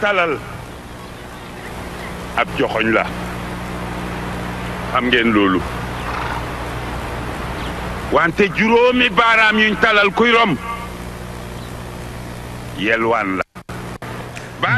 talal ab joxoñ la am ngeen loolu wante juróomi baaraam yuñ talal kuy rom yelwaan la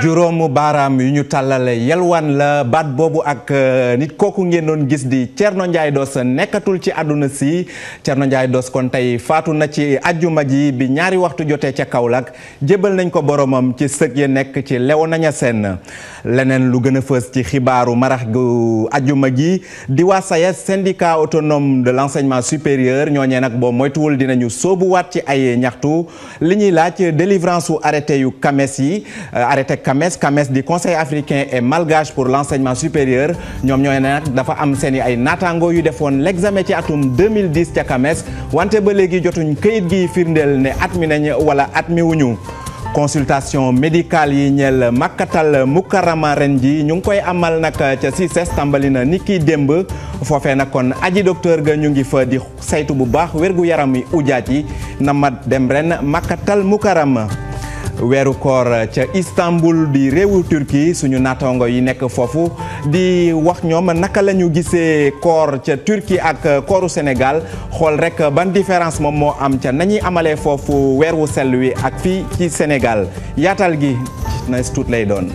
juróomu baaraam yu ñu tàllale yelwaan la baat boobu ak euh, nit kooku ngeen doon gis di Thierno Ndiaye Doss nekkatul ci àdduna si Thierno Ndiaye Doss kon tey faatu na ci ajjuma ji bi ñaari waxtu jotee ca Kaolack jébbal nañ ko boromam ci sëg yi nekk ci Léona seen leneen lu gën a fës ci xibaaru marax gu ajjuma ji di waa SAES e syndicat autonome de l'enseignement supérieur ñooñee nag boo moytuwul dinañu soobu waat ci ay ñaxtu li ñuy laaj délivrance u yu kames yi euh, ak CAMES CAMES di conseil africain et malgache pour l'enseignement supérieur ñoom ñooy nag dafa am seen ay naataango yu defoon l'examen ci atum 2010 ca CAMES wante ba léegi jotuñ kayit gi firndeel ne at mi nañ wala at admis ñu consultation médicale yi ñeel makkatal mukarama ren ji ñu ngi koy amal nag ca CICES tàmbali na ni ki demb foofee nag kon aji docteur ga ñu ngi fa di saytu bu baax wérgu yaram yi ujaat na ma dem ren makkatal mukarama weeru koor ca Istanbul di réewu Turquie suñu naataango yi nekk foofu di wax ñoom naka lañu gisee koor ca Turquie ak kooru Sénégal xool rek ban différence moom moo am ca nañuy amalee foofu weer wu sell wi ak fii ci Sénégal yaatal gi na tuut lay doon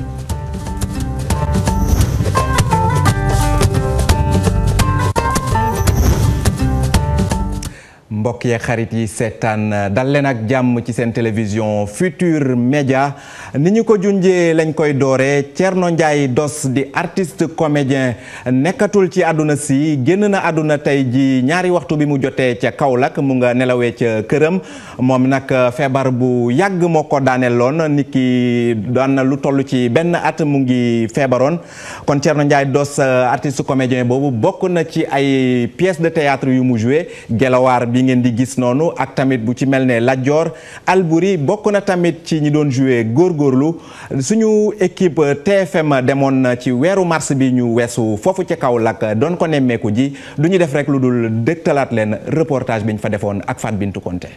mbokk yeeg xarit yi seetaan dal nag jàmm ci seen télévision Futur Média ni ñu ko junjee lañ koy dooree Thierno Ndiaye dos di artiste comédien nekkatul ci adduna si génn na adduna tey ji ñaari waxtu bi mu jotee ca Kaolack mu nga nelawee ca këram moom nag uh, feebar bu yàgg moo ko daaneeloon nit ki daan na lu toll ci benn at mu ngi feebaroon kon Thierno Ndiaye Doss uh, artiste comédien boobu bokk na ci ay pièces de théâtre yu mu joué gelawaar bi ngeen ngeen di gis noonu ak tamit bu ci mel ne Lat Dior Albouri bokk na tamit ci ñi doon joué góorgóorlu suñu équipe TFM demoon ci weeru mars bi ñu weesu foofu ci kaw Kaolack doon ko nemmeeku ji du ñu def rek lu dul dëgtalaat leen reportage biñ fa defoon ak Fat bintu Konté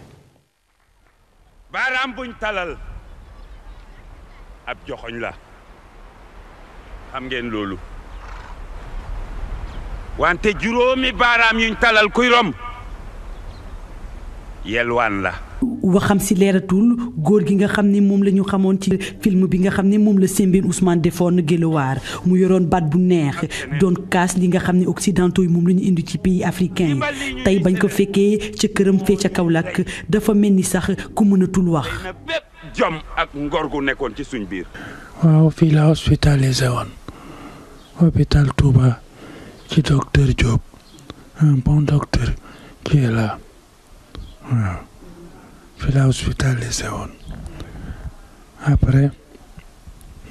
baaraam buñ talal ab joxoñ la xam ngeen loolu wante juróomi baaraam yuñ talal kuy romb yelwaan la. waxam si leeratul góor gi nga xam ne moom la ñu xamoon ci film bi nga xam ne moom la Sembène Ousmane defoon Guelwaar mu yoroon baat bu neex doon kaas li nga xam ne occidentaux moom la ñu indi ci pays africain tey bañ ko fekkee ca këram fee ca Kaolack dafa mel ni sax ku mënatul wax. jom ak ngor gu nekkoon ci suñ biir. waaw fii la hospitalisé woon hôpital Touba ci docteur Diop un bon docteur qui est waaw fi la hospitalisé woon après ah,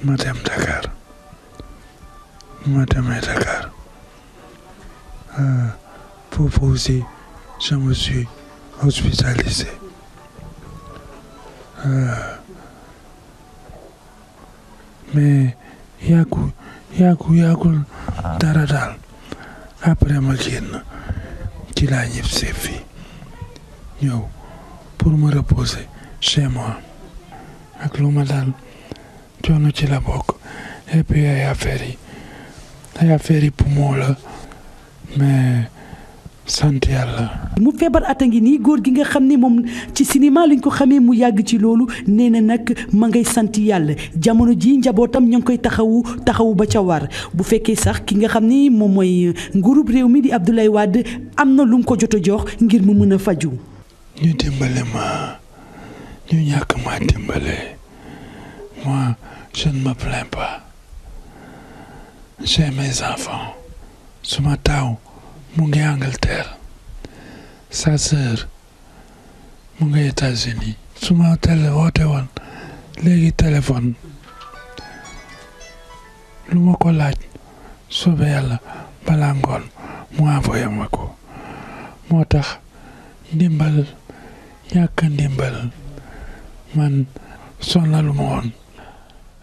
ma dem Dakar ma demee Dakar foofu ah, aussi je me suis hospitalisé mais yàggu yàggu yàggul dara daal après ma génn ci laa ñibbisi fii ñëw pour me reposer chez moi ak lu ma daal coono ci la bokk et puis ay yi ay affaires yi poumon la mais sant yàlla. mu feebar at a ngi nii góor gi nga xam ne moom ci cinéma lañ ko xamee mu yàgg ci loolu nee na nag ma ngay sant yàlla jamono ji njabootam ñu ngi koy taxawu taxawu ba ca war bu fekkee sax ki nga xam ni moom mooy nguurub réew mi di Abdoulaye Wade am na lu mu ko jot a jox ngir mu mën a faju ñu dimbale ma ñu ñàkk ma dimbale moi je ne me plains pas mes enfants suma taaw mu ngi Angleterre sa mu ngi États-Unis suma télé woote woon léegi téléphone lu ma ko laaj soobee yàlla balaa ngoon mu ma ko moo tax ndimbal ñàkk ndimbal man sonnalu ma woon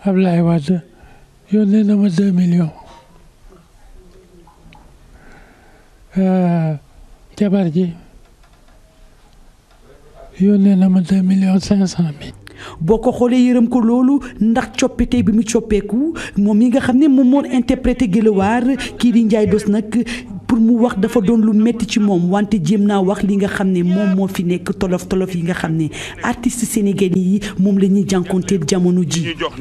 Ablaye Wade yónnee na ma deux millions euh, na ma deux millions cinq boo ko xoolee yërëm ko loolu ndax coppite bi mu coppeeku moom yi nga xam ne moom moo interprété Guelwaar kii di Ndiaye Dos nag mu wax dafa doon lu métti ci moom wante jéem naa wax li nga xam ne moom moo fi nekk tolof yi nga xam ne artiste sénégalais yi moom la ñuy jànkonteel jamono ji. ñu jox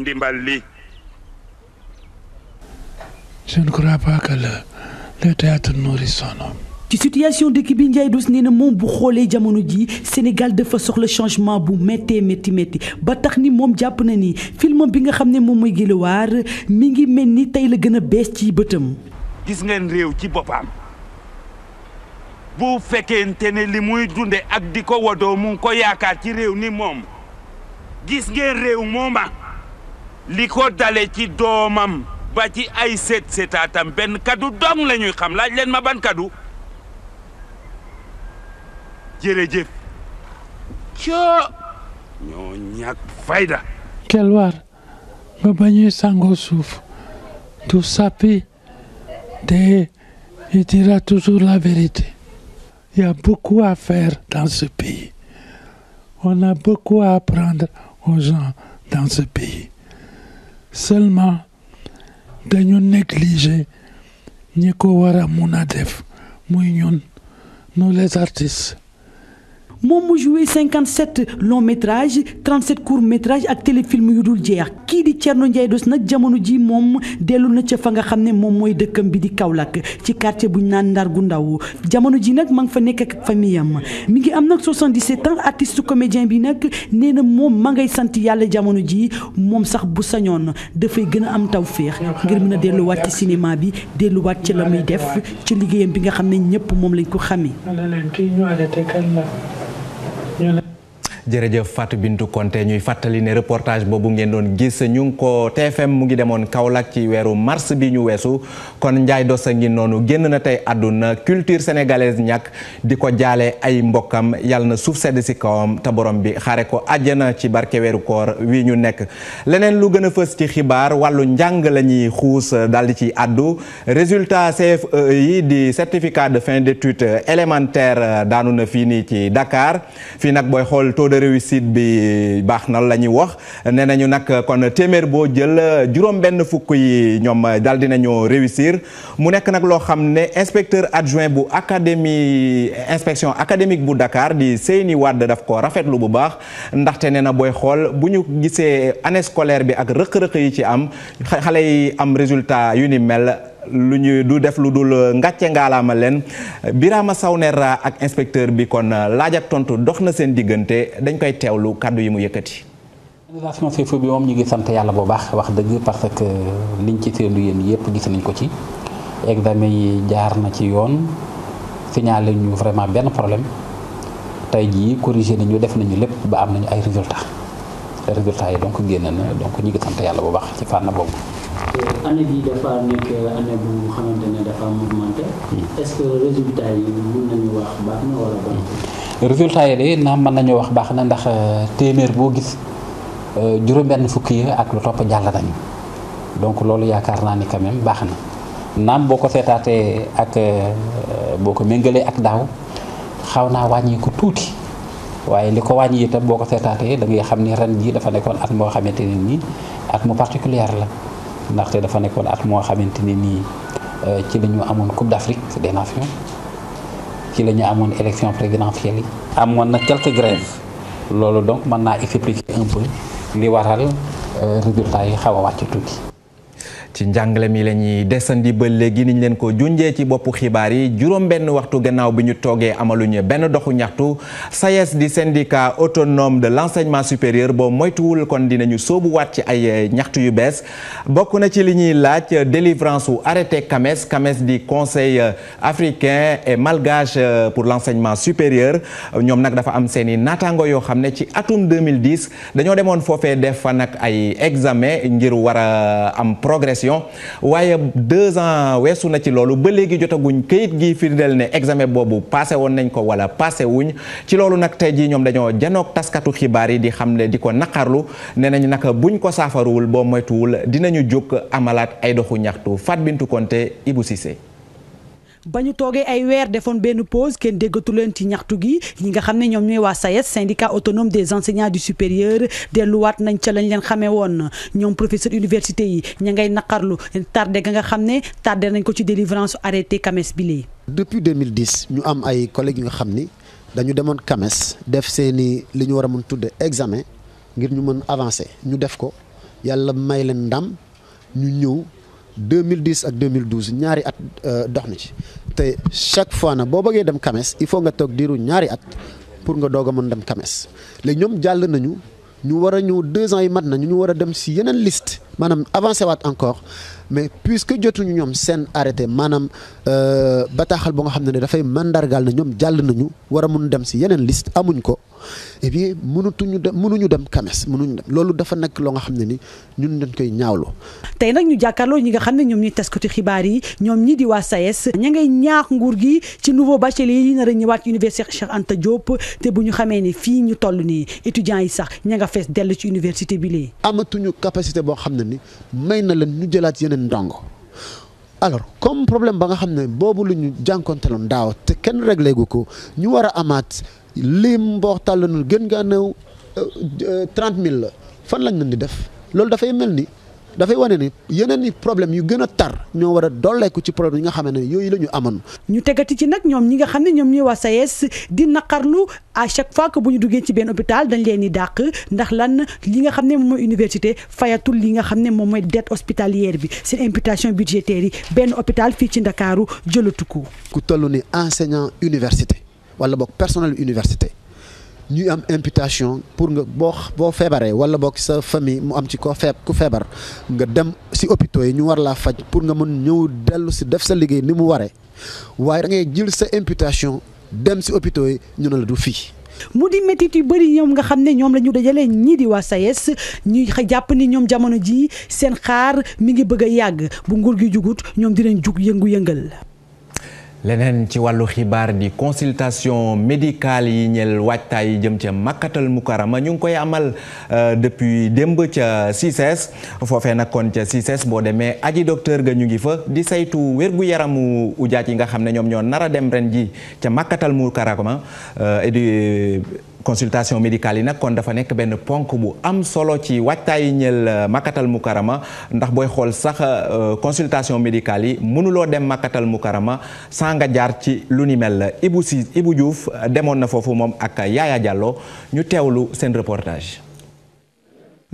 ci situation dëkk bi Ndiaye Douce na moom bu xoolee jamono ji Sénégal dafa soxla changement bu méttee métti métti ba tax ni moom jàpp na ni film bi nga xam ne moom mooy Guelwaar mi ngi mel ni tey la gën a bees ci bëtam. gis ngeen ci boppam. bu fekkente ne li muy dunde ak di ko wodoo mu ko yaakaar ci réew ni moom gis ngeen réew mooma li ko dale ci doomam ba ci ay seet benn kaddu dong la ñuy xam laaj leen ma ban kaddu jërëjëf coo ñoo ñàkk fayda kelwaar ba ba sangoo suuf du sappi te il dira toujours la Il y a beaucoup à faire dans ce pays. On a beaucoup à apprendre aux gens dans ce pays. Seulement, dañu négliger ñi ko war a mun a def muy ñun nous les artistes. moom mu joué 57 long métrage 37 court métrage ak téléfilm yu dul jeex kii di Thierno njay dos nag jamono ji moom dellu na ca fa nga xam ne moom mooy dëkkam bi di Kaolack ci quartier bu ñu naan Ndar gu ndaw jamono ji nag ma nga fa nekk ak famille mi ngi am nag 77 ans artiste comédien bi nag nee na moom ma ngay sant yàlla jamono ji moom sax bu sañoon dafay gën a am tawféex ngir mën a delluwaat ci cinéma bi delluwaat ci la muy def ci liggéeyam bi nga xam ne ñëpp moom lañ ko xamee. ñu ne jërëjëf Fatou Bintou Konté ñuy fàttali ne reportage boobu ngeen doon gis ñu ngi ko TFM mu ngi demoon Kaolack ci weeru mars bi ñu weesu kon Ndiaye Dossa ngi noonu génn na tey àdduna culture sénégalaise ñakk di ko jaale ay mbokkam yàlla na suuf sedd si kawam te borom bi xaare ko àjjana ci barke weeru koor wi ñu nekk leneen lu gën a fës ci xibaar wàllu njàng la ñuy xuus daal di ci àddu résultat CFE yi di certificat de fin d'études élémentaire daanu na fii nii ci Dakar de réussite bi baax na la ñuy wax nee nañu nag kon téeméer boo jël juróom-benn fukk yi ñoom daal dinañu réussir mu nekk nag loo xam ne inspecteur adjoint bu académie inspection académique bu Dakar di seeni Wade daf ko rafetlu bu baax ndaxte nee na booy xool bu ñu gisee année scolaire bi ak rëq-rëq yi ci am xale yi am résultat yu ni mel. lu ñu du def lu dul euh, ngàcce ngaalaama leen Birama Sawner ak inspecteur bi kon euh, laaj tontu dox na seen diggante dañ koy teewlu kàddu yi mu yëkkati. organisation CFO moom ñu ngi sant yàlla bu baax wax dëgg parce que liñ ci séendu yéen yëpp gis nañ ko ci examen yi jaar na ci yoon signalé ñu vraiment benn problème tey jii corrigé ñu def nañu lépp ba am nañu ay résultats résultats yi donc génn na donc ñu ngi sant yàlla bu baax ci fànna boobu. année bi dafa nekk année bu xamante ne dafa mouvementé hmm. est-ce que résultat yi mën nañu wax baax na wala baax hmm. résultat yi de naam mën nañu wax baax na ndax euh, téeméer boo gis euh, juróom-benn fukki yi ak lu topp jàll nañu donc loolu yaakaar naa ni quand même baax na naam boo ko seetaatee ak euh, boo ko méngalee ak daaw xaw naa wàññeeku tuuti waaye li ko wàññi itam boo ko seetaatee da ngay xam ni ren jii dafa nekkoon at moo xamante ne nii ak mu particulier la ndaxte dafa nekkoon at moo xamante ni nii euh, ci la ñu amoon Coupe d'Afrique des Nations ci la ñu amoon élection présidentielle yi. amoon na quelques grèves loolu donc mën naa expliquer un peu li waral euh, résultat yi xaw a wàcc tuuti. ci njàngale mi la ñuy desandi ba léegi niñ leen ko junjee ci boppu xibaar yi juróom-benn waxtu gannaaw bi ñu toogee amaluñu benn doxu ñaxtu SAES di syndicat autonome de l'enseignement supérieur boo moytuwul kon dinañu waat ci ay eh, ñaxtu yu bees bokk na ci li ñuy laaj eh, délivrance u arrêté CAMES CAMES di conseil eh, africain et malgache pour l'enseignement supérieur ñoom nag dafa am seen i naataango yoo xam ne ci atum 2010 dañoo demoon foofee def fa nag ay examen ngir war évaluation waaye deux ans weesu na ci loolu ba léegi jotaguñ këyit gi firndeel ne examen boobu passé woon nañ ko wala passé wuñ ci loolu nag tey jii ñoom dañoo janoog taskatu xibaar yi di xam ne di ko naqarlu nee nañ naka buñ ko saafaruwul boo moytuwul dinañu jóg amalaat ay doxu ñaxtu Fat bintu konte Ibou Cissé ba ñu toogee ay weer defoon benn pose kenn déggatu leen ci ñaxtu gi ñi nga xam ne ñoom ñooy waa SAES syndicat autonome des enseignants du supérieur delluwaat nañ ca lañ leen xamee woon na ñoom professeur université yi ña ngay naqarlu tardé ga nga xam ne tardé nañ ko ci délivrance arrêté CAMES bi léegi. depuis 2010 ñu am ay collègues yu nga xam ni dañu demoon CAMES def seeni li ñu war a mën tudde examen ngir ñu mën avancer ñu def ko yàlla may leen ndam ñu ñëw. 2010 ak 2012 ñaari at euh, dox na ci te chaque fois na boo bëggee dem CAMES il faut nga toog diiru ñaari at pour nga doog a mën dem CAMES léegi ñoom jàll nañu ñu war a ñëw deux ans yi mat nañu ñu war a dem si yeneen liste maanaam avancé waat encore mais puisque jotuñu ñoom seen arrêté maanaam euh, bataaxal bu nga xam ne ne dafay mandargaal na ñoom jàll nañu war a mun dem si yeneen liste amuñ ko et eh bien dem mënuñu dem kames mënuñu dem loolu dafa nekk loo nga xam ne ni ñun dañ koy ñaawlu. tey nag ñu jàkkaarloo ñi nga xam ne ñoom ñi ko ci xibaar yi ñoom ñi di waa SAES e ña ngay ñaax nguur gi ci nouveau bachelier yi nar a ñëwaat université Cheikh Anta Diop te bu ñu xamee ni fii ñu toll nii étudiants yi sax ña nga fees dell ci université bi léegi. amatuñu capacité boo xam ne ni may na leen ñu jëlaat benn ndongo alors comme problème ba nga xam ne boobu la ñu jànkoonteloon daaw te kenn réglé gu ko ñu war a amaat lim mbooxtal la ñu gën ngaa néew euh, euh, trente mille la fan lañ leen di def loolu dafay mel ni. dafay wane ni yeneen i problème yu gën a tar ñoo war a dolleeku ci problème yi nga xam ne yooyu la amoon. ñu tegati ci nag ñoom ñi nga xam ne ñoom ñooy waa SAES e di naqarlu à chaque fois que bu ñu duggee ci benn hôpital dañ leen di dàq ndax lan li nga xam ne moom mooy université fayatul li nga xam ne moom mooy dette hospitalière bi seen imputation budgétaire yi benn hôpital fii ci Ndakaaru jëlatu ko. ku toll ni enseignant université wala boog personnel université. ñuy am imputation pour nga boo boo feebaree wala boog sa famille mu am ci ko feeb ku feebar nga dem si hôpitaux yi ñu war laa faj pour nga mën ñëw dellu si def sa liggéey ni mu waree waaye da ngay jël sa imputation dem si hôpitaux yi ñu ne la du fii. mu di métit yu bëri ñoom nga xam ne ñoom la ñu dajale ñii di waa SAES ñu jàpp ni ñoom jamono jii seen xaar mi ngi bëgg a yàgg bu nguur gi jugut ñoom di leen jug yëngu-yëngal. leneen ci wàllu xibaar di consultation médicale yi ñeel waajtaay yi jëm ca makkatal mukarama ñu ngi koy amal euh, depuis démb ca CICES foofee nag kon ca CICES boo demee aji docteur ga ñu ngi fa di saytu wér yaramu ujaat yi nga xam ne ñoom ñoo nar a dem ren ji ca makkatal mukarama euh, et consultation médicale yi nag kon dafa nekk benn ponk bu am solo ci waajtaayi ñeel euh, makkatal mukarama ndax booy xool sax euh, consultation médicale yi mënuloo dem makkatal mukarama saa nga jaar ci lu ni mel Ibou Si Ibou Diouf euh, demoon na foofu moom ak Yaaya Diallo ñu teewlu seen reportage.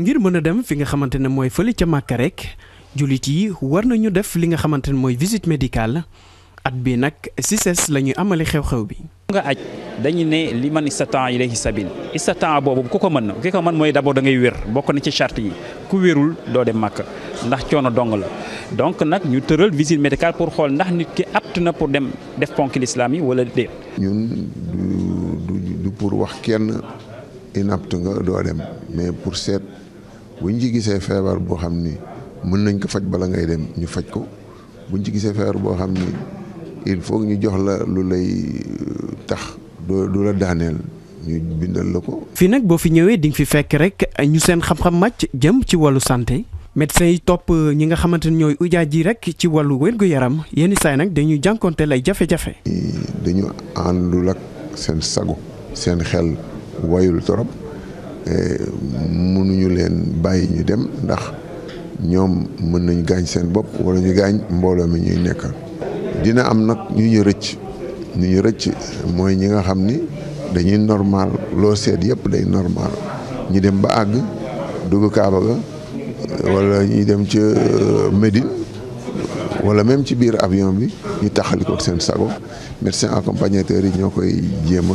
ngir mën a dem fi nga xamante ne mooy fële ca Màkka rek jullit yi war nañu def li nga xamante ne mooy visite médicale. at bi nag CICES la ñuy amali xew-xew bi. nga aj dañu ne li man istata ilayhi sabil istata boobu ku ko mën na ki ko mën mooy d'abord da ngay wér bokk na ci charte yi ku wérul doo dem màkk ndax coono dong la donc nag ñu tëral visite médicale pour xool ndax nit ki apte na pour dem def ponk l'islam yi wala déet. ñun du du pour wax kenn inapte nga doo dem mais pour seet buñ ci gisee feebar boo xam ni mën nañ ko faj bala ngay dem ñu faj ko buñ ci gisee feebar boo xam ni. il faut ñu jox la lu lay euh, tax du la daaneel ñu bindal la ko. fii nag boo fi ñëwee di nga fi fekk rek ñu seen xam-xam màcc jëm ci wàllu santé. médecins yi topp euh, ñi nga xamante ne ñooy ujaaj ji rek ci wàllu wér yaram yenn saay nag dañuy jànkonteel lay jafe-jafe. dañu àndul ak seen sago seen xel wayul torop mënuñu leen bàyyi ñu dem ndax ñoom mën nañu gaañ seen bopp wala ñu gaañ mbooloo mi ñuy nekkal. dina am nag ñu ñu rëcc ñu ñu rëcc mooy ñi nga xam ni dañuy normal loo seet yëpp day normal ñu dem ba àgg dugg Kaaba ga wala ñuy dem ca euh, Médine wala même ci biir avion bi ñu taxali ko seen sago médecin accompagnateur yi ñoo koy jéem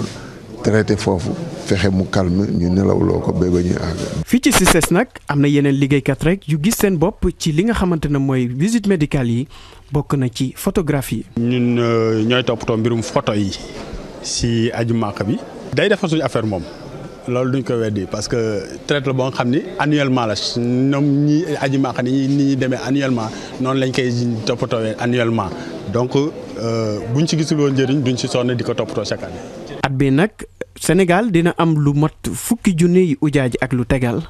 traité foofu fexe mu calme ñu nelaw loo ko ba ba ñuy fii ci CICES nag am na yeneen liggéeykat rek yu gis seen bopp ci li nga xamante ne mooy visit médical yi bokk na ci photographie. ñun euh, ñooy toppatoo mbirum photo yi si aju màq bi. day defar suñu affaire moom. loolu duñ ko weddi parce que traite la boo xam ni annuellement la ñoom ñi aji maax ni ñuy demee annuellement noonu lañ koy toppatoowee annuellement donc euh, buñ ci gisul woon njëriñ duñ ci sonn di ko toppatoo chaque année. at bi nag Sénégal dina am lu mat fukki junne yi ujaaji ak lu tegal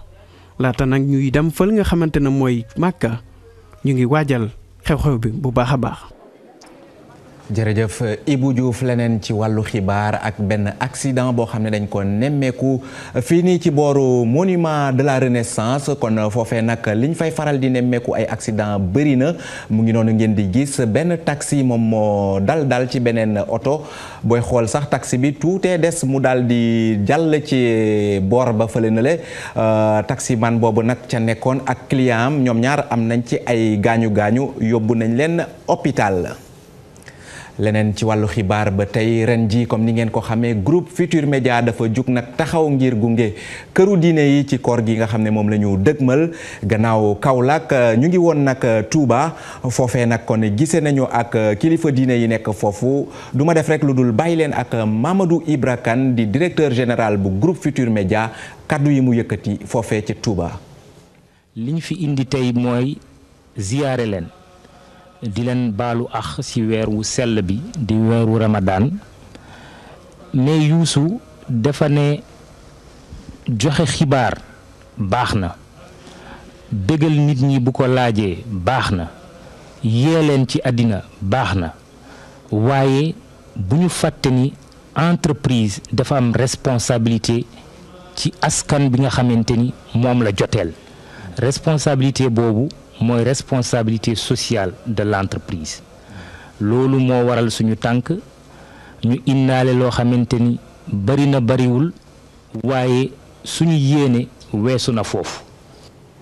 laata nag ñuy dem fël nga xamante ne mooy màkka ñu ngi waajal xew-xew bi bu baax a baax. jërëjëf Ibou Diouf leneen ci wàllu xibaar ak benn accident boo xam ne dañ ko nemmeeku fii nii ci booru monument de la renaissance kon foofe nag liñ fay faral di nemmeeku ay accident bëri na mu ngi noonu ngeen di gis benn taxi moom moo dal dal ci beneen oto booy xool sax taxi bi tuutee des mu daal di jàll ci boor ba fële na le euh, taxi man boobu nag ca nekkoon ak client am ñoom ñaar am nañ ci ay gaañu gaañu yóbbu nañ leen hôpital. leneen ci wàllu xibaar ba tey ren ji comme ni ngeen ko xamee groupe Futur Média dafa jug nag taxaw ngir gunge këru diine yi ci koor gi nga xam ne moom la ñu dëgmal gannaaw Kaolack ñu ngi woon nag tuuba foofee nag kon gisee nañu ak kilifa diine yi nekk foofu du ma def rek lu dul bàyyi leen ak Mamadou ibrakan di directeur général bu groupe Futur Média kaddu yi mu yëkkati foofee ci Touba. li fi indi tey mooy ziyaare leen. di leen baalu ak ci weer wu sell bi di weeru ramadaan mais yuusu dafa ne joxe xibaar baax na bégal nit ñi bu ko laajee baax na yee leen ci àddina baax na waaye bu ñu fàtte ni entreprise dafa am responsabilité ci askan bi nga xamante ni moom la joteel responsabilité boobu mooy responsabilité sociale de l'entreprise loolu moo waral suñu tànk ñu indaale loo xamante ni bari na bariwul waaye suñu yéene weesu na foofu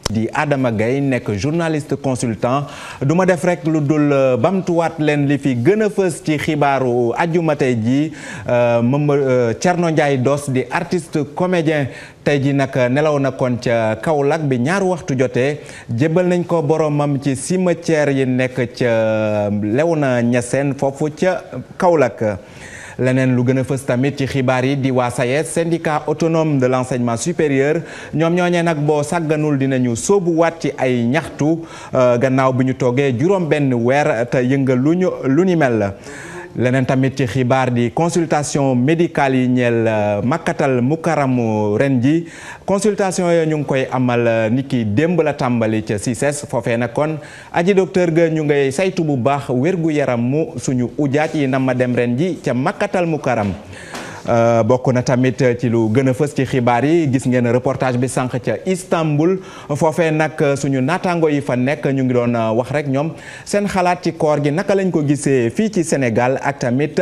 di Adama Gaye nekk journaliste consultant du ma def rek lu dul euh, bamtuwaat leen li fi gën a fës ci xibaaru ajuma tey jii euh, moom euh, Thierno Ndiaye Doss di artiste comédien tey jii nag nelaw na kon ca Kaolack bi ñaar waxtu jotee jébbal nañ ko boromam ci cimetière yi nekk ca Léona Niassène foofu ca Kaolack. leneen lu gën a fës tamit ci xibaar yi di waa SAES syndicat autonome de l'enseignement supérieur ñoom ñooñee nag boo sàgganul soobu waat ci ay ñaxtu euh, gannaaw bi ñu toogee juróom benn weer te yëngal lu ñu lu ni mel leneen tamit ci xibaar di consultation médicale yi ñeel euh, makkatal mukaramu ren ji consultation yooyu ñu ngi koy amal euh, niki démb la tàmbali ca CICES e foofee nag kon aji docteur ga ñu ngay saytu bu baax wér yaram mu suñu ujaaj yi na ma dem ren ji ca makkatal mukaram Euh, bokk na tamit ci lu gën a fës ci xibaar yi gis ngeen reportage bi sànq ca Istanbul foofee nag euh, suñu naataango yi fa nekk ñu ngi doon euh, wax rek ñoom seen xalaat ci koor gi naka lañ ko gisee fii ci Sénégal ak tamit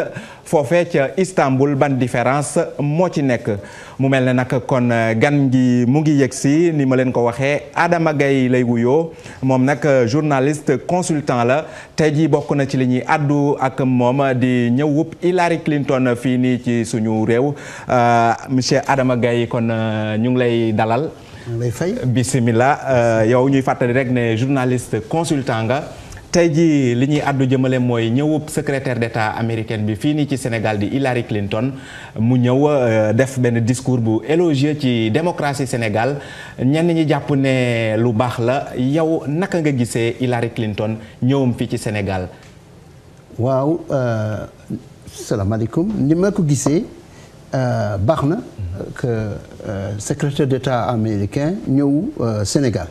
foofee ca Istanbul ban différence moo ci nekk mu mel na nag kon euh, gan gi mu ngi yëg si ni ma leen ko waxee Adama Gaye lay wuyoo moom nag euh, journaliste consultant la tey jii bokk na ci li ñuy àddu ak moom di ñëw wupp Hillary Clinton fii nii ci suñu réew euh, monsieur Adama Gaye kon ñu ngi lay dalal. lay fay yow ñuy fàttali rek ne journaliste consultant nga. tey jii li ñuy àddu jëmale mooy ñëwub secrétaire d'État américain bi fii nii ci Sénégal di Hillary Clinton mu ñëw euh, def benn discours bu élogieux ci démocratie Sénégal ñenn ñi jàpp ne lu baax la yow naka nga gisee Hillary Clinton ñëwum fii ci Sénégal. waaw euh, salaamaaleykum ni ma ko gisee euh, baax na que secrétaire d'État américain ñëw Sénégal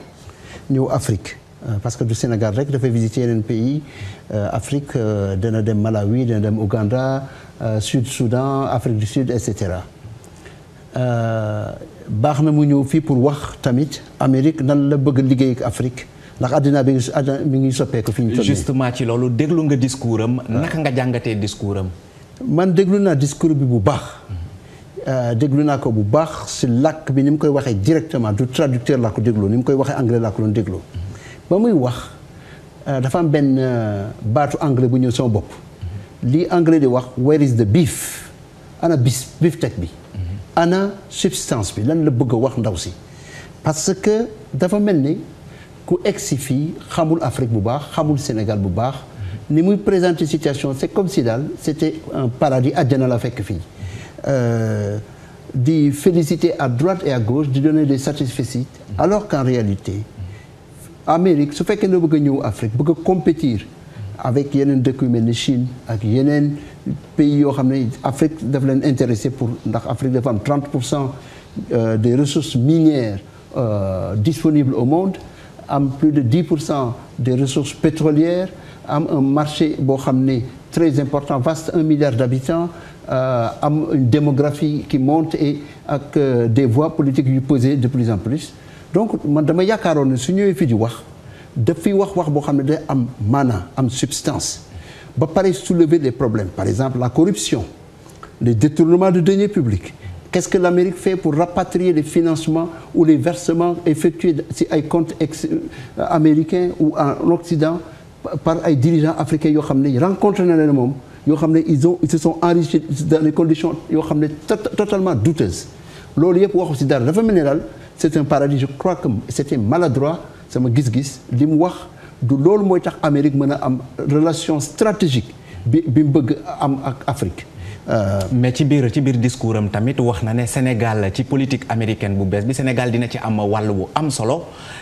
ñëw Afrique. Euh, parce que du Sénégal rek dafay visiter yeneen pays euh, Afrique euh, dana dem Malawi dana dem Ouganda Sud Soudan Afrique du Sud et cetera baax na mu ñëw fii pour wax tamit Amérique nan la bëgg liggéey ak Afrique ndax àddina bi mi ngi soppeeku fi ñu toll justement ci loolu déglu nga discours am ah. naka nga jàngatee discours am man déglu naa discours bi bu baax déglu naa ko bu baax si làkk bi ni mu koy waxee directement du traducteur laa ko déglu ni mu koy waxee anglais laa ko doon déglu ba muy wax euh, dafa am benn euh, baatu anglais bu ñëw sama bokk li anglais di wax where is the beef ana bis beef teg bi ana substance bi lan la bëgg a wax ndaw si parce que dafa mel ni ku egsi fii xamul Afrique bu baax xamul Sénégal bu baax ni muy présenter situation c'est comme si daal c'était un paradis àjjana la fekk fii euh, di féliciter à droite et à gauche di donner des satisfecit alors qu'en réalité Amérique su fekkee ne bëgg a ñëw Afrique bëgg a compétir avec yeneen dëkk yu mel ni Chine ak yeneen pays yoo xam ne Afrique daf leen intéressé pour ndax Afrique de am 30 pour cent euh, des ressources minières euh, disponibles au monde am plus de 10 pour cent des ressources pétrolières am un marché boo xam ne très important vaste un milliard d'habitants euh, am une démographie qui monte et ak euh, des voies politiques yu posées de plus en plus donc man dama yaakaaroon ne su fii di wax daf fiy wax wax boo xam ne day am maanaa am substance ba pare soulever des problèmes par exemple la corruption les détournements de deniers publics qu'est-ce que l'Amérique fait pour rapatrier les financements ou les versements effectués si ay comptes ex euh, américains ou en Occident par ay dirigeants africains yoo xam ne rencontre na leen moom yoo xam ne ils ont ils se sont yoo xam ne totalement douteuses loolu yëpp waxu si dara dafa mel ne c'est un paradis je crois que c'était maladroit sama gis-gis li mu wax du loolu mooy tax Amérique mën a am relation stratégique bi mu bëgg am ak Afrique. Euh, mais ci biir ci biir discours am tamit wax na ne Sénégal ci politique américaine bu bees bi Sénégal dina ci am wàll wu am solo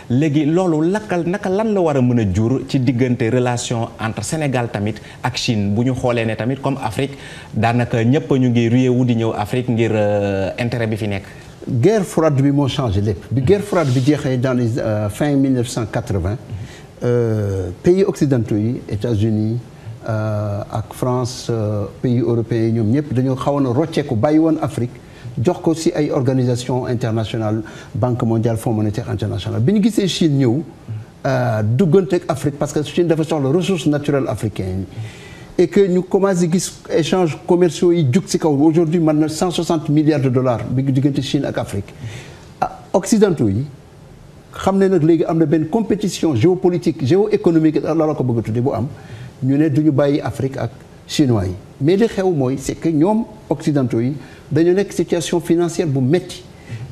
léegi loolu lakkal naka lan la war a mën a jur ci diggante relation entre Sénégal tamit ak Chine bu ñu xoolee ne tamit comme Afrique daanaka ñëpp ñu ngi wu di ñëw Afrique ngir euh, intérêt bi fi nekk. guerre froide bi moo changé lépp bi guerre bi jeexee dans les euh, fin 1980 euh, pays occidentaux yi États-Unis euh, ak France euh, pays européens yi ñoom ñëpp dañoo xawoon a rocceeku bàyyi woon Afrique jox ko si ay organisation internationale banque mondiale fonds monétaire international bi ñu gisee Chine ñëw euh, dugganteeg Afrique parce que Chine dafa soxla ressources naturelles africaines yi et que ñu commencé gis échanges commerciaux yi jug ci kaw aujourd'hui man na 160 milliards de dollars bi diggante Chine ak Afrique ah occidentaux yi xam ne nag léegi am na benn compétition géopolitique géoéconomique économique la ko bëgg a tudde bu am ñu ne du ñu bàyyi Afrique ak chinois yi mais li xew mooy c'est que ñoom occidentaux yi dañu nekk situation financière bu metti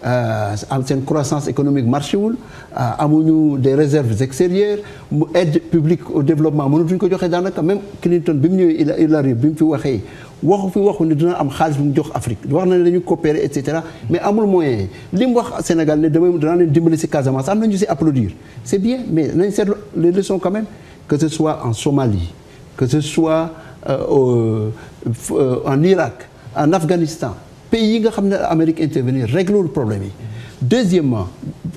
Euh, am seen croissance économique marché wul euh, amuñu des réserves extérieures mu aide publique au développement mënatuñu ko joxee daanaka même Clinton bi mu ñëwee Hillary bi mu fi waxee waxu fi waxu ne dina am xaalis bu mu jox Afrique wax na ne dañu coopérer et cetera mais amul moyen li wax Sénégal ne dama danaa leen dimbali si Casamance am nañu si applaudir c' est bien mais nañ seetlu les leçons quand même que ce soit en Somalie que ce soit euh, en Irak en Afghanistan pays yi nga xam ne Amérique intervenir réglewul problème yi deuxièmement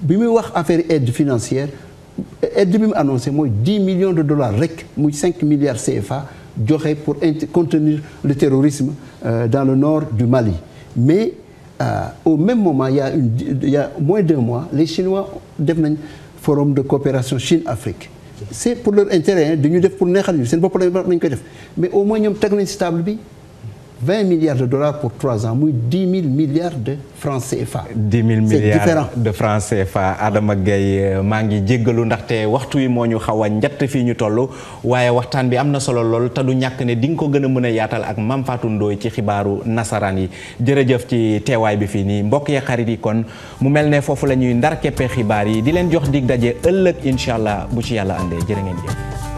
bi muy wax affaire aide financière aide bi mu annoncé mooy 10 millions de dollars rek muy 5 milliards CFA joxe pour contenir le terrorisme euh, dans le nord du Mali mais euh, au même moment il y a une il y a moins d'un mois les Chinois def nañ forum de coopération Chine-Afrique c'est pour leur intérêt dañu def pour neexal ñu seen bopp lañ koy def mais au moins ñoom teg nañ stable bi 20 milliards de dollars pour trois ans muy 10 000 milliards de francs CFA. 10 000 milliards de francs CFA Adama Gaye euh, maa ngi jéggalu ndaxte waxtu wi moo ñu xaw a njatt fii ñu toll waaye waxtaan bi am na solo lool te du ñàkk ne di nga ko gën a mën a yaatal ak Mame Fatou Ndoye ci xibaaru nasaraan yi jërëjëf ci teewaay bi fii nii mbokk yi xarit yi kon mu mel ne foofu la ñuy ndar keppe xibaar yi di leen jox dig daje ëllëg incha allah bu ci yàlla àndee jërë ngeen